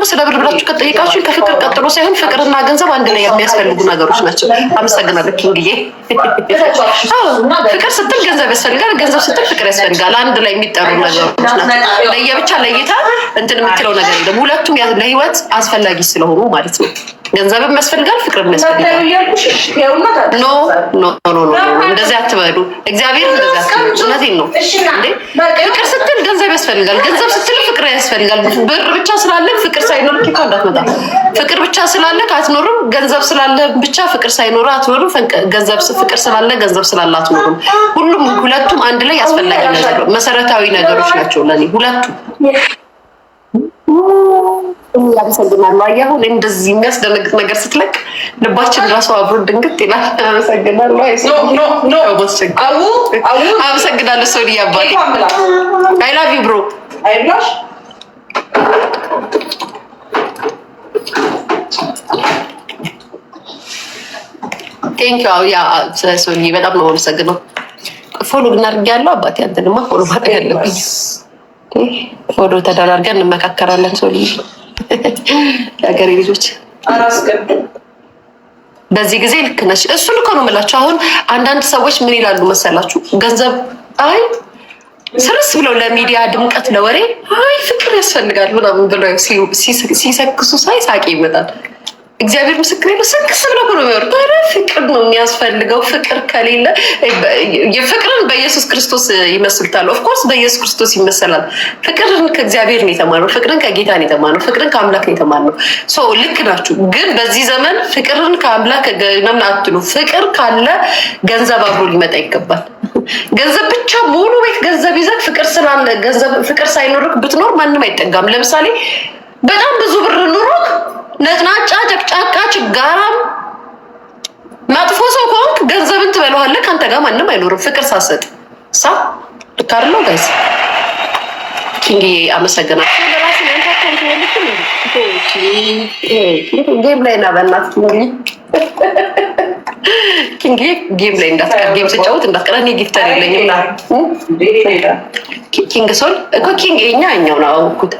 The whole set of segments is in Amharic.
ደግሞ ስለ ብር ብላችሁ ከፍቅር ቀጥሎ ሳይሆን ፍቅርና ገንዘብ አንድ ላይ የሚያስፈልጉ ነገሮች ናቸው። አመሰግናለሁ ኪንግዬ። ፍቅር ስትል ገንዘብ ያስፈልጋል፣ ገንዘብ ስትል ፍቅር ያስፈልጋል። አንድ ላይ የሚጠሩ ነገሮች ናቸው። ለየብቻ ለይታ እንትን የምትለው ነገር የለም። ሁለቱም ለህይወት አስፈላጊ ስለሆኑ ማለት ነው። ገንዘብም ያስፈልጋል፣ ፍቅርም ያስፈልጋል። ኖ ኖ እንደዚህ አትበሉ። እግዚአብሔር እንደዚህ አትበሉ። እውነቴን ነው። ፍቅር ስትል ገንዘብ ያስፈልጋል፣ ገንዘብ ስትል ፍቅር ያስፈልጋል። ብር ብቻ ስላለ ፍቅር ሳይኖር ኬካ እንዳትመጣ። ፍቅር ብቻ ስላለ አትኖርም። ገንዘብ ስላለ ብቻ ፍቅር ሳይኖር አትኖርም። ገንዘብ ፍቅር ስላለ ገንዘብ ስላለ አትኖርም። ሁሉም ሁለቱም አንድ ላይ አስፈላጊ ነገር መሰረታዊ ነገሮች ናቸው ለኔ ሁለቱም። አመሰግናለሁ። አያሁን እንደዚህ የሚያስደነግጥ ነገር ስትለቅ ልባችን ራሱ አብሮ ድንግጥ ይላል። አመሰግናለሁ። አመሰግናለሁ። አባቴ አይ ላቭ ዩ ብሮ ቴንክ ዩ ያ ስለሶኒ በጣም ነው የማመሰግነው። ፎሎ ብናደርግ ያለው አባቴ አንተንማ ፎሎ ማድረግ አለብኝ። ፎሎ ተደራርገን እንመካከራለን። ሶኒ የሀገሬ ልጆች በዚህ ጊዜ ልክ ነሽ። እሱን እኮ ነው የምላችሁ። አሁን አንዳንድ ሰዎች ምን ይላሉ መሰላችሁ ገንዘብ አይ ስርስ ብለው ለሚዲያ ድምቀት ለወሬ አይ ፍቅር ያስፈልጋል ምናምን ብለው ሲሰክሱ ሳይ ሳቄ ይመጣል። እግዚአብሔር ምስክር ነው። ስክስ ብለው ብሎ የሚወርዱ። ኧረ ፍቅር ነው የሚያስፈልገው። ፍቅር ከሌለ የፍቅርን በኢየሱስ ክርስቶስ ይመስልታል። ኦፍኮርስ በኢየሱስ ክርስቶስ ይመሰላል። ፍቅርን ከእግዚአብሔር ነው የተማርነው። ፍቅርን ከጌታ ነው የተማርነው። ፍቅርን ከአምላክ ነው የተማርነው። ሰው ልክ ናችሁ፣ ግን በዚህ ዘመን ፍቅርን ከአምላክ ምናምን አትሉ። ፍቅር ካለ ገንዘብ አብሮ ሊመጣ ይገባል። ገንዘብ ብቻ ሙሉ ቤት ገንዘብ ይዘህ ፍቅር ስላለ ፍቅር ሳይኖርክ ብትኖር ማንም አይጠጋም። ለምሳሌ በጣም ብዙ ብር ኑሮክ ነጭናጫ፣ ጨቅጫቃ፣ ችጋራም መጥፎ ሰው ከሆንክ ገንዘብን ትበለዋለህ። ከአንተ ጋር ማንም አይኖርም ፍቅር ሳሰጥ ሳ ልታርለው ጋይስ ኪንግ አመሰግናል። ጌም ላይ ና በእናትህ ኪንግ ጌም ላይ እንዳትቀር፣ ጌም ስጫወት እንዳትቀር። እኔ ጊፍተር የለኝም ና ኪንግ ሶል እኮ ኪንግ የኛ እኛው ነው አወኩት።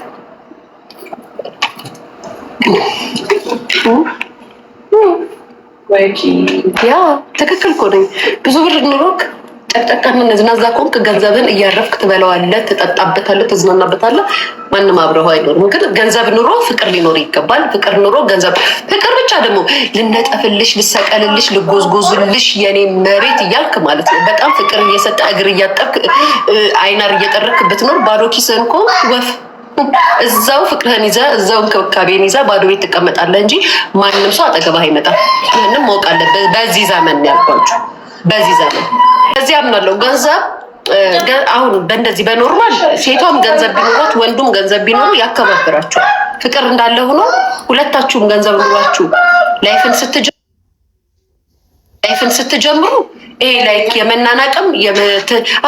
ያ ትክክል እኮ ነኝ። ብዙ ብር ኑሮክ ጨቅጨቃ ነዝናዛ ከሆንክ ገንዘብን እያረፍክ ትበላዋለህ፣ ትጠጣበታለህ፣ ትዝናናበታለህ። ማንም አብረው አይኖርም። ግን ገንዘብ ኑሮ ፍቅር ሊኖር ይገባል። ፍቅር ኑሮ ገንዘብ ፍቅር ብቻ ደግሞ ልነጠፍልሽ፣ ልሰቀልልሽ፣ ልጎዝጎዝልሽ የኔ መሬት እያልክ ማለት ነው። በጣም ፍቅር እየሰጠ እግር እያጠብክ አይናር እየጠረክ ብትኖር ባዶ ኪስህን እኮ ወፍ እዛው ፍቅርህን ይዘ እዛው እንክብካቤን ይዘ ባዶ ቤት ትቀመጣለህ እንጂ ማንም ሰው አጠገባህ አይመጣም። ይህንም ማወቅ አለብህ። በዚህ ዘመን ያልኳችሁ በዚህ ዘመን እዚህ አምናለሁ ገንዘብ አሁን በእንደዚህ በኖርማል ሴቷም ገንዘብ ቢኖሯት ወንዱም ገንዘብ ቢኖሩ ያከባብራችሁ ፍቅር እንዳለ ሆኖ ሁለታችሁም ገንዘብ ኑሯችሁ ላይፍን ስትጀምሩ ይሄ ላይክ የመናናቅም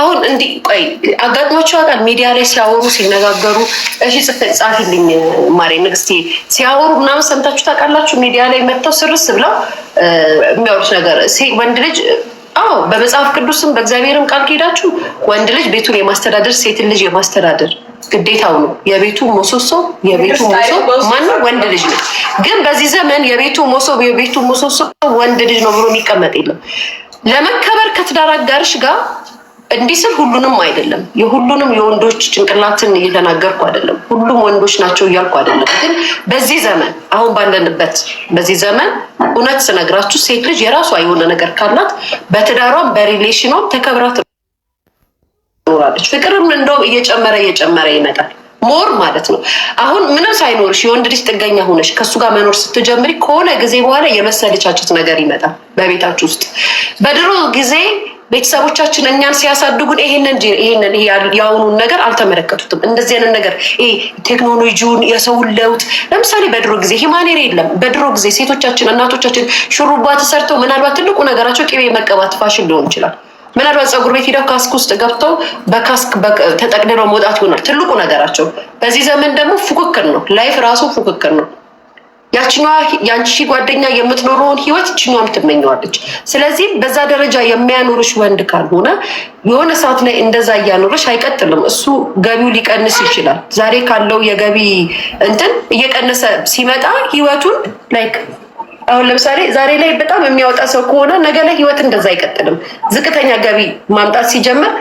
አሁን እንዲህ ቆይ አጋጥሟቸው ቃል ሚዲያ ላይ ሲያወሩ ሲነጋገሩ፣ እሺ ጻፊልኝ ማሬ ንግስቴ ሲያወሩ ምናምን ሰምታችሁ ታውቃላችሁ? ሚዲያ ላይ መጥተው ስርስ ብለው የሚያወሩት ነገር ወንድ ልጅ አዎ በመጽሐፍ ቅዱስም በእግዚአብሔርም ቃል ከሄዳችሁ ወንድ ልጅ ቤቱን የማስተዳደር ሴትን ልጅ የማስተዳደር ግዴታው ነው። የቤቱ ምሰሶ የቤቱ ሞሶ ማነው? ወንድ ልጅ ነው። ግን በዚህ ዘመን የቤቱ ሞሶ የቤቱ ምሰሶ ወንድ ልጅ ነው ብሎ የሚቀመጥ የለም። ለመከበር ከትዳር አጋርሽ ጋር እንዲህ ስል ሁሉንም አይደለም፣ የሁሉንም የወንዶች ጭንቅላትን እየተናገርኩ አይደለም፣ ሁሉም ወንዶች ናቸው እያልኩ አይደለም። ግን በዚህ ዘመን አሁን ባለንበት በዚህ ዘመን እውነት ስነግራችሁ ሴት ልጅ የራሷ የሆነ ነገር ካላት በትዳሯም በሪሌሽኗም ተከብራ ትኖራለች። ፍቅርም እንደውም እየጨመረ እየጨመረ ይመጣል። ሞር ማለት ነው። አሁን ምንም ሳይኖርሽ የወንድ ልጅ ጥገኛ ሆነሽ ከእሱ ጋር መኖር ስትጀምሪ ከሆነ ጊዜ በኋላ የመሰልቻቸት ነገር ይመጣል በቤታችሁ ውስጥ በድሮ ጊዜ ቤተሰቦቻችን እኛን ሲያሳድጉን ይሄንን ይሄንን የአሁኑን ነገር አልተመለከቱትም። እንደዚህ አይነት ነገር ቴክኖሎጂውን፣ የሰውን ለውጥ ለምሳሌ በድሮ ጊዜ ሂማኔር የለም። በድሮ ጊዜ ሴቶቻችን እናቶቻችን ሹሩባ ተሰርተው ምናልባት ትልቁ ነገራቸው ቅቤ መቀባት ፋሽን ሊሆን ይችላል። ምናልባት ፀጉር ቤት ሄደው ካስክ ውስጥ ገብተው በካስክ ተጠቅልለው መውጣት ይሆናል ትልቁ ነገራቸው። በዚህ ዘመን ደግሞ ፉክክር ነው። ላይፍ ራሱ ፉክክር ነው። ያችኛ ያንቺ ጓደኛ የምትኖረውን ህይወት ችኛም ትመኘዋለች። ስለዚህ በዛ ደረጃ የሚያኖርሽ ወንድ ካልሆነ የሆነ ሰዓት ላይ እንደዛ እያኖርሽ አይቀጥልም። እሱ ገቢው ሊቀንስ ይችላል። ዛሬ ካለው የገቢ እንትን እየቀነሰ ሲመጣ ህይወቱን ላይክ አሁን ለምሳሌ ዛሬ ላይ በጣም የሚያወጣ ሰው ከሆነ ነገ ላይ ህይወት እንደዛ አይቀጥልም። ዝቅተኛ ገቢ ማምጣት ሲጀምር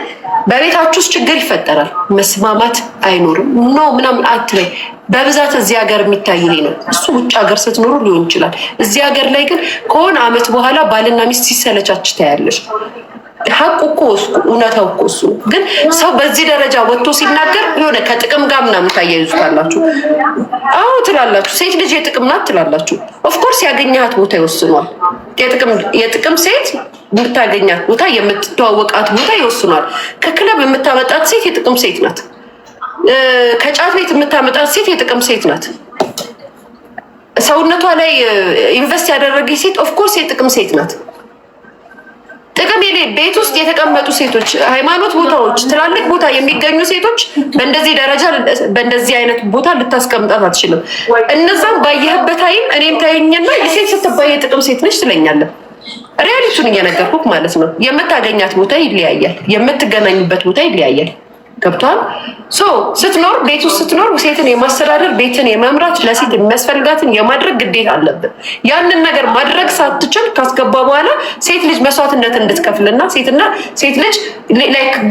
በቤታችሁ ውስጥ ችግር ይፈጠራል። መስማማት አይኖርም። ኖ ምናምን አትበይ። በብዛት እዚህ ሀገር የሚታይ ይሄ ነው። እሱ ውጭ ሀገር ስትኖሩ ሊሆን ይችላል። እዚህ ሀገር ላይ ግን ከሆነ አመት በኋላ ባልና ሚስት ሲሰለቻች ታያለች። ሀቁ እኮ እውነታው እኮ እሱ ግን ሰው በዚህ ደረጃ ወጥቶ ሲናገር የሆነ ከጥቅም ጋር ምናምን ታያይዙታላችሁ። አዎ ትላላችሁ፣ ሴት ልጅ የጥቅም ናት ትላላችሁ። ኦፍኮርስ ያገኘሃት ቦታ ይወስኗል። የጥቅም ሴት የምታገኛት ቦታ፣ የምትተዋወቃት ቦታ ይወስኗል። ከክለብ የምታመጣት ሴት የጥቅም ሴት ናት። ከጫት ቤት የምታመጣት ሴት የጥቅም ሴት ናት። ሰውነቷ ላይ ኢንቨስት ያደረገች ሴት ኦፍኮርስ የጥቅም ሴት ናት። ጥቅም ቤት ውስጥ የተቀመጡ ሴቶች፣ ሃይማኖት ቦታዎች፣ ትላልቅ ቦታ የሚገኙ ሴቶች በእንደዚህ ደረጃ በእንደዚህ አይነት ቦታ ልታስቀምጣት አትችልም። እነዛም ባየህበት አይም እኔም ታየኝና የሴት ስትባይ የጥቅም ሴት ነች ትለኛለን። ሪያሊቱን እየነገርኩህ ማለት ነው። የምታገኛት ቦታ ይለያያል። የምትገናኙበት ቦታ ይለያያል። ገብቷል። ስትኖር ቤት ውስጥ ስትኖር ሴትን የማስተዳደር ቤትን የመምራት ለሴት የሚያስፈልጋትን የማድረግ ግዴታ አለብን። ያንን ነገር ማድረግ ሳትችል ካስገባ በኋላ ሴት ልጅ መስዋዕትነት እንድትከፍልና ሴትና ሴት ልጅ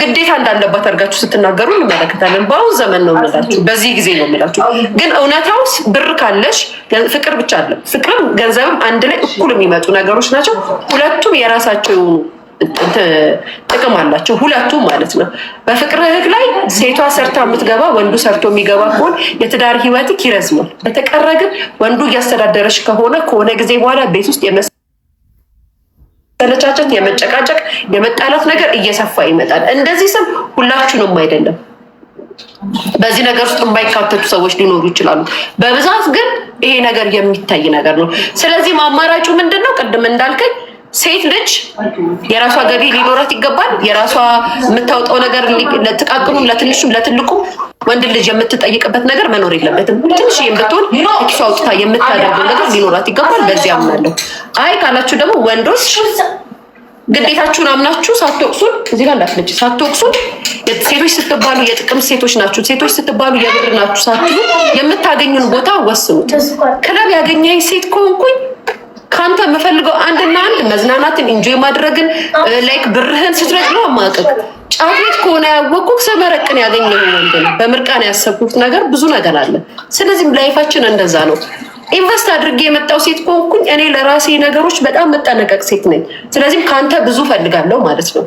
ግዴታ እንዳለባት አድርጋችሁ ስትናገሩ እንመለከታለን። በአሁን ዘመን ነው ምላችሁ፣ በዚህ ጊዜ ነው ምላችሁ። ግን እውነታው ብር ካለሽ ፍቅር ብቻ አለ። ፍቅርም ገንዘብም አንድ ላይ እኩል የሚመጡ ነገሮች ናቸው። ሁለቱም የራሳቸው የሆኑ ጥቅም አላቸው ሁለቱም ማለት ነው። በፍቅር ህግ ላይ ሴቷ ሰርታ የምትገባ ወንዱ ሰርቶ የሚገባ ከሆን የትዳር ህይወት ይረዝማል። በተቀረ ግን ወንዱ እያስተዳደረች ከሆነ ከሆነ ጊዜ በኋላ ቤት ውስጥ የመሰለቻቸት፣ የመጨቃጨቅ፣ የመጣላት ነገር እየሰፋ ይመጣል። እንደዚህ ስም ሁላችሁንም አይደለም በዚህ ነገር ውስጥ የማይካተቱ ሰዎች ሊኖሩ ይችላሉ። በብዛት ግን ይሄ ነገር የሚታይ ነገር ነው። ስለዚህም አማራጩ ምንድን ነው? ቅድም እንዳልከኝ ሴት ልጅ የራሷ ገቢ ሊኖራት ይገባል። የራሷ የምታወጣው ነገር ለጥቃቅኑም፣ ለትንሹም፣ ለትልቁ ወንድ ልጅ የምትጠይቅበት ነገር መኖር የለበትም። ትንሽ የምትሆን ኪሷ አውጥታ የምታደርገው ነገር ሊኖራት ይገባል። በዚህ አምናለሁ። አይ ካላችሁ ደግሞ ወንዶች ግዴታችሁን አምናችሁ ሳትወቅሱን እዚህ ጋር እንዳትለጭ ሳትወቅሱን ሴቶች ስትባሉ የጥቅም ሴቶች ናችሁ፣ ሴቶች ስትባሉ የብር ናችሁ ሳትሉ የምታገኙን ቦታ ወስኑት። ክለብ ያገኘኝ ሴት ከሆንኩኝ ከአንተ የምፈልገው አንድና አንድ መዝናናትን፣ ኢንጆይ ማድረግን ላይክ ብርህን ስትረጭ ነው ማቅብ ጫት ከሆነ ያወቁት ሰመረቅን ያገኘ ወንድ ነው። በምርቃን ያሰብኩት ነገር ብዙ ነገር አለ። ስለዚህም ላይፋችን እንደዛ ነው። ኢንቨስት አድርጌ የመጣው ሴት ከሆንኩኝ እኔ ለራሴ ነገሮች በጣም መጠነቀቅ ሴት ነኝ። ስለዚህም ከአንተ ብዙ ፈልጋለሁ ማለት ነው።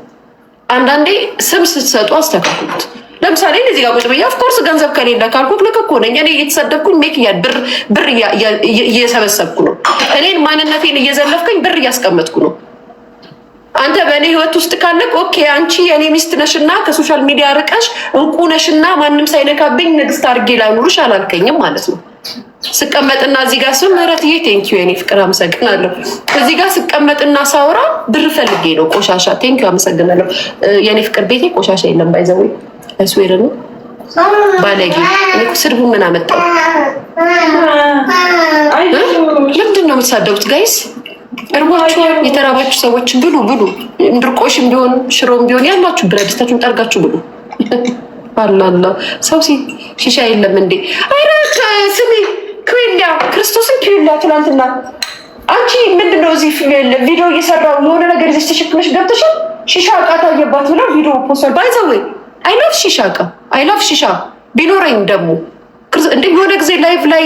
አንዳንዴ ስም ስትሰጡ አስተካክሉት። ለምሳሌ እንደዚህ ጋር ቁጭ ብዬ ኦፍኮርስ ገንዘብ ከሌለ ካልኩ ልክ እኮ ነኝ። እኔ እየተሰደብኩኝ ሜክ ብር ብር እየሰበሰብኩ ነው። እኔን ማንነቴን እየዘለፍከኝ ብር እያስቀመጥኩ ነው። አንተ በእኔ ህይወት ውስጥ ካለቅ ኦኬ፣ አንቺ የእኔ ሚስት ነሽና ከሶሻል ሚዲያ ርቀሽ እንቁ ነሽና ማንም ሳይነካብኝ ንግስት አድርጌ ላኑርሽ አላልከኝም ማለት ነው። ስቀመጥና እዚህ ጋር ስም ምረት ይሄ ቴንኪዩ የኔ ፍቅር አመሰግናለሁ። እዚህ ጋር ስቀመጥና ሳውራ ብር ፈልጌ ነው ቆሻሻ። ቴንኪዩ አመሰግናለሁ የኔ ፍቅር። ቤቴ ቆሻሻ የለም ባይዘወይ እስዌር ነው ባለጌ። ስድቡ ምን አመጣው? ለምንድን ነው የምትሳደቡት ጋይስ? እርቦቹ የተራባችሁ ሰዎች ብሉ ብሉ። ድርቆሽም ቢሆን ሽሮም ቢሆን ያላችሁ ብረት ድስታችሁን ጠርጋችሁ ብሉ። አላላ ሰው ሲ ሺሻ የለም እንዴ? አረ ስሚ ክዌላ ክርስቶስን ክዌላ ትናንትና አንቺ ነው እዚህ ቪዲዮ እየሰራው የሆነ ነገር ይዘሽ ተሸክመሽ ገብተሻል። ሺሻ እቃ ታየባት ብላ ቪዲዮ ፖስል ባይዘወይ አይ ላቭ ሺሻ ቃ አይ ላቭ ሺሻ ቢኖረኝ ደግሞ እንደ የሆነ ጊዜ ላይፍ ላይ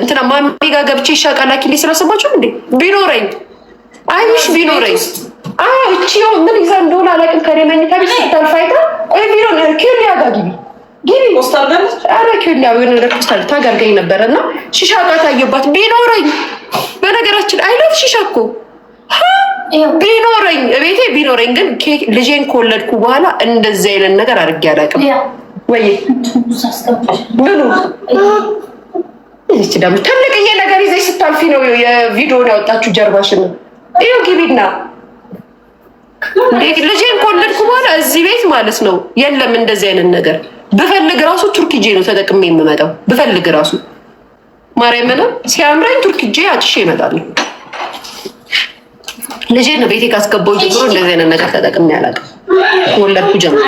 እንትና ማሚ ጋር ገብቼ ይሻቃ ላኪ እንዴ ስላሰባችሁ እንዴ ቢኖረኝ አይሽ ቢኖረኝ አይ እቺ ምን ይዛ እንደሆነ አላውቅም። ከኔ መኝታ ቤት ስታልፍ አይታ ቢሆን ኬንያ ጋር ግቢ ግቢ ኧረ ኬንያ ሆነ ለፖስታል ታጋርገኝ ነበረ እና ሺሻ ቃ ታየባት ቢኖረኝ። በነገራችን አይነት ሺሻ እኮ ሃ ቢኖረኝ ቤቴ ቢኖረኝ ግን ልጄን ከወለድኩ በኋላ እንደዚህ አይነት ነገር አድርጌ አላውቅም። ወይ ይች ደግሞ ትልቅዬ ነገር ይዘሽ ስታልፊ ነው የቪዲዮን ያወጣችሁ ነው። ይኸው ግቢና ልጄን ከወለድኩ በኋላ እዚህ ቤት ማለት ነው የለም እንደዚህ አይነት ነገር። ብፈልግ ራሱ ቱርክ ነው ተጠቅሜ የምመጣው ብፈልግ ራሱ ማርያምን ሲያምረኝ ቱርክጄ ጄ አጭሼ እመጣለሁ። ልጄ ነው ቤቴ ካስገባው ጀምሮ እንደዚህ አይነት ነገር ተጠቅሜ አላውቅም። ወለድኩ ጀምሮ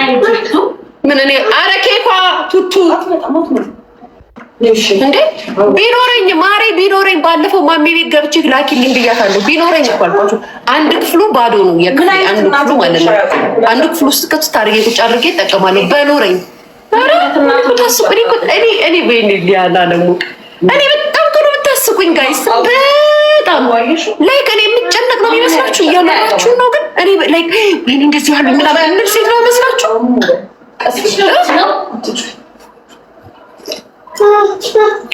ምን እኔ አረ ኬኳ ቱቱ እንዴ ቢኖረኝ ማሬ ቢኖረኝ ባለፈው ማሚ ቤት ገብቼ ላኪልኝ ብያታለሁ። ቢኖረኝ እኮ አልኳቸው። አንድ ክፍሉ ባዶ ነው የክፍሌ አንዱ ክፍሉ ማለት ነው። አንድ ክፍሉ ውስጥ ከፍት አድርጌ ቁጭ አድርጌ እጠቀማለሁ። በኖረኝ እኔ እኔ እኔ ሊያላ ለሙቅ እኔ በጣም ከነ የምታስቁኝ ጋይስ በጣም ላይክ እኔ የምጨነቅ ነው የሚመስላችሁ? እያለራችሁ ነው ግን እኔ ላይክ ወይኔ እንደዚህ ያሉ ምናምን የምል ሴት ነው ይመስላችሁ?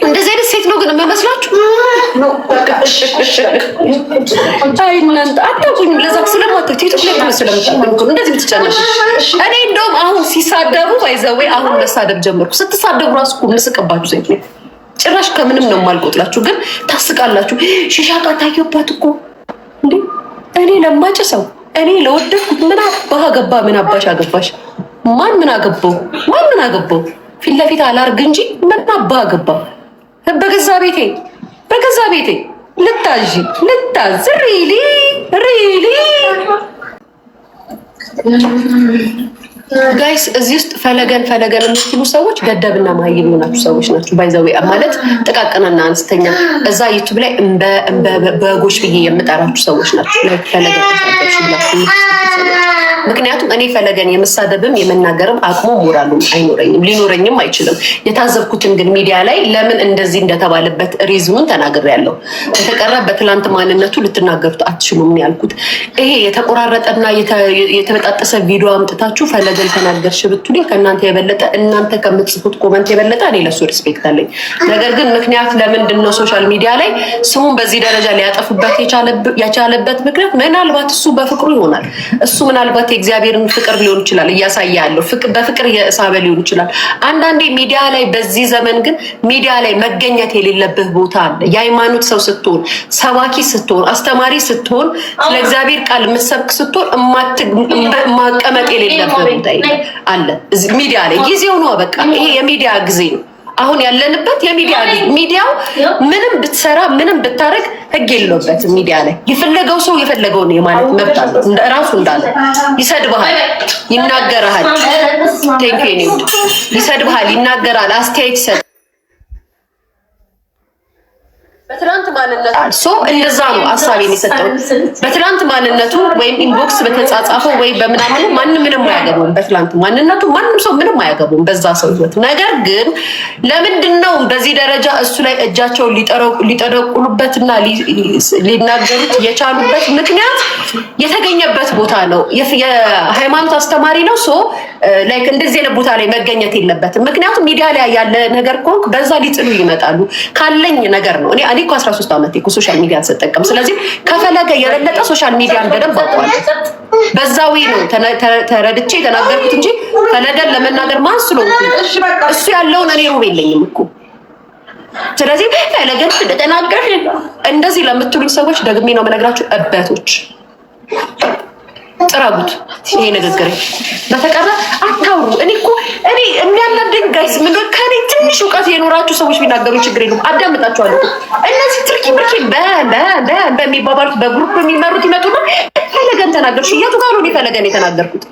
እንደዚህ አይነት ሴት ነው ግን የሚመስላችሁ? አይ እናንተ አታውቁኝ። ለዛ ስለማታውቁት ዩቱብ ላይ ስለምታውቁ እንደዚህ የምትጨነቁ እኔ እንደውም አሁን ሲሳደቡ ወይ አሁን መሳደብ ጀመርኩ። ስትሳደቡ ራሱ እኮ የምስቅባችሁ ሴት ነው ጭራሽ ከምንም ነው የማልቆጥላችሁ፣ ግን ታስቃላችሁ። ሽሻቃ ታየባት እኮ እንዴ! እኔ ለማጭ ሰው እኔ ለወደድኩት ምን አባህ ገባ ምን አባሽ አገባሽ? ማን ምን አገባው? ማን ምን አገባው? ፊት ለፊት አላርግ እንጂ ምን አባህ ገባ በገዛ ቤቴ በገዛ ቤቴ ልታዥ ልታዝ ሪሊ ሪሊ ጋይስ እዚህ ውስጥ ፈለገን ፈለገን የምትሉ ሰዎች ገደብና መሀይም የሆናችሁ ሰዎች ናችሁ። ባይዘዌ ማለት ጥቃቅንና አነስተኛ እዛ ዩቱብ ላይ በጎች ብዬ የምጠራችሁ ሰዎች ናችሁ። ፈለገን ብላችሁ ምክንያቱም እኔ ፈለገን የመሳደብም የመናገርም አቅሙ ሞራሉ አይኖረኝም ሊኖረኝም አይችልም። የታዘብኩትን ግን ሚዲያ ላይ ለምን እንደዚህ እንደተባለበት ሪዝኑን ተናግሬያለሁ። በተቀረ በትላንት ማንነቱ ልትናገሩት አትችሉም ያልኩት ይሄ የተቆራረጠና የተበጣጠሰ ቪዲዮ አምጥታችሁ ፈለገን ተናገርሽ ብትሉ ከእናንተ የበለጠ እናንተ ከምትጽፉት ኮመንት የበለጠ እኔ ለሱ ሪስፔክት አለኝ። ነገር ግን ምክንያት ለምንድን ነው ሶሻል ሚዲያ ላይ ስሙን በዚህ ደረጃ ሊያጠፉበት የቻለበት ምክንያት ምናልባት እሱ በፍቅሩ ይሆናል እሱ ምናልባት የእግዚአብሔርን ፍቅር ሊሆን ይችላል እያሳየ ያለው በፍቅር የእሳበ ሊሆን ይችላል። አንዳንዴ ሚዲያ ላይ በዚህ ዘመን ግን ሚዲያ ላይ መገኘት የሌለብህ ቦታ አለ። የሃይማኖት ሰው ስትሆን፣ ሰባኪ ስትሆን፣ አስተማሪ ስትሆን፣ ስለ እግዚአብሔር ቃል የምትሰብክ ስትሆን ማቀመጥ የሌለብህ ቦታ አለ ሚዲያ ላይ። ጊዜው ነው በቃ ይሄ የሚዲያ ጊዜ ነው። አሁን ያለንበት የሚዲያ ሚዲያው ምንም ብትሰራ ምንም ብታደርግ ህግ የለበትም። ሚዲያ ላይ የፈለገው ሰው የፈለገውን የማለት መብት አለው። ራሱ እንዳለ ይሰድብሃል፣ ይናገራል፣ ይሰድብሃል፣ ይናገራል፣ አስተያየት ይሰጥ ሶ እንደዛ ነው ሀሳቤን የሚሰጠው በትናንት ማንነቱ ወይም ኢንቦክስ በተጻጻፈው ወይም በምናምን ማንም ምንም አያገቡም። በትናንት ማንነቱ ማንም ሰው ምንም አያገቡም በዛ ሰው ህይወት። ነገር ግን ለምንድን ነው በዚህ ደረጃ እሱ ላይ እጃቸውን ሊጠደቁሉበትና ሊናገሩት የቻሉበት ምክንያት የተገኘበት ቦታ ነው። የሃይማኖት አስተማሪ ነው። ሶ ላይክ እንደዚህ አይነት ቦታ ላይ መገኘት የለበትም። ምክንያቱም ሚዲያ ላይ ያለ ነገር ከሆንክ በዛ ሊጥሉ ይመጣሉ። ካለኝ ነገር ነው እኔ እኔ እኮ 13 ዓመት እኮ ሶሻል ሚዲያን ስጠቀም፣ ስለዚህ ከፈለገ የበለጠ ሶሻል ሚዲያን በደንብ አውቀዋለሁ። በዛ ወይ ነው ተረድቼ የተናገርኩት እንጂ ፈለገን ለመናገር ማን ስለሆንኩኝ እሱ ያለውን እኔ ሩብ የለኝም እኮ። ስለዚህ ፈለገን እንደተናገር እንደዚህ ለምትሉኝ ሰዎች ደግሜ ነው የምነግራችሁ፣ እበቶች ጥረጉት ይሄ ንግግር በተቀረ አታውሩ። እኔ እኮ እኔ የሚያናደኝ ጋይስ ምን ከኔ ትንሽ እውቀት የኖራችሁ ሰዎች ቢናገሩ ችግር የለም፣ አዳምጣችኋለሁ። እነዚህ ትርኪ ምርኪ በሚባባሉት በግሩፕ የሚመሩት ይመጡና ፈለገን ተናገርሽ። የቱ ጋር ነው ፈለገን የተናገርኩት?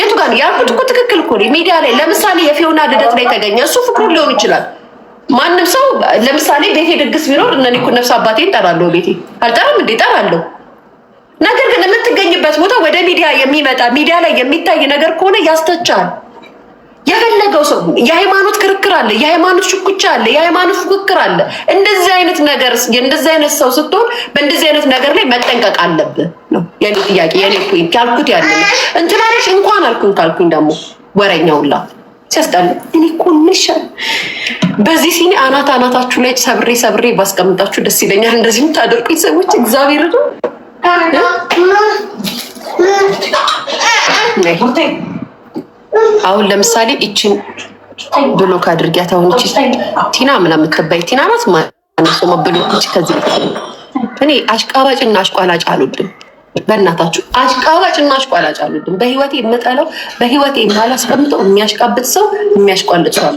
የቱ ጋር ነው ያልኩት? እኮ ትክክል እኮ ሚዲያ ላይ ለምሳሌ የፊዮና ልደት ላይ ተገኘ እሱ ፍቅሩ ሊሆን ይችላል። ማንም ሰው ለምሳሌ ቤቴ ድግስ ቢኖር እነኔ እኮ ነፍስ አባቴን እጠራለሁ። ቤቴ አልጠራም እንዴ? እጠራለሁ። ነገር ግን የምትገኝበት ቦታ ወደ ሚዲያ የሚመጣ ሚዲያ ላይ የሚታይ ነገር ከሆነ ያስተቻል። የፈለገው ሰው የሃይማኖት ክርክር አለ፣ የሃይማኖት ሽኩቻ አለ፣ የሃይማኖት ፉክክር አለ። እንደዚህ አይነት ነገር እንደዚህ አይነት ሰው ስትሆን በእንደዚህ አይነት ነገር ላይ መጠንቀቅ አለብህ ነው የኔ ጥያቄ። የኔ ኩኝ ካልኩት ያለ እንትናለሽ እንኳን አልኩኝ ካልኩኝ ደግሞ ወረኛውላ ሲያስጠላ እኔ ኮንሻል በዚህ ሲኒ አናት አናታችሁ ላይ ሰብሬ ሰብሬ ባስቀምጣችሁ ደስ ይለኛል። እንደዚህ የምታደርጉኝ ሰዎች እግዚአብሔር ነው አሁን ለምሳሌ እችን ብሎክ አድርጊያት። አሁን ይቺ ቲና ምናምን የምትባይ ቲና ናት። ማነሰው መብሎች ከዚህ እኔ አሽቃባጭና አሽቋላጭ አሉድም በእናታችሁ አሽቃባጭ አሽቃባጭና አሽቋላጭ አሉድም። በህይወቴ የምጠለው በህይወቴ የማላስቀምጠው የሚያሽቃብጥ ሰው የሚያሽቋልጥ ሰው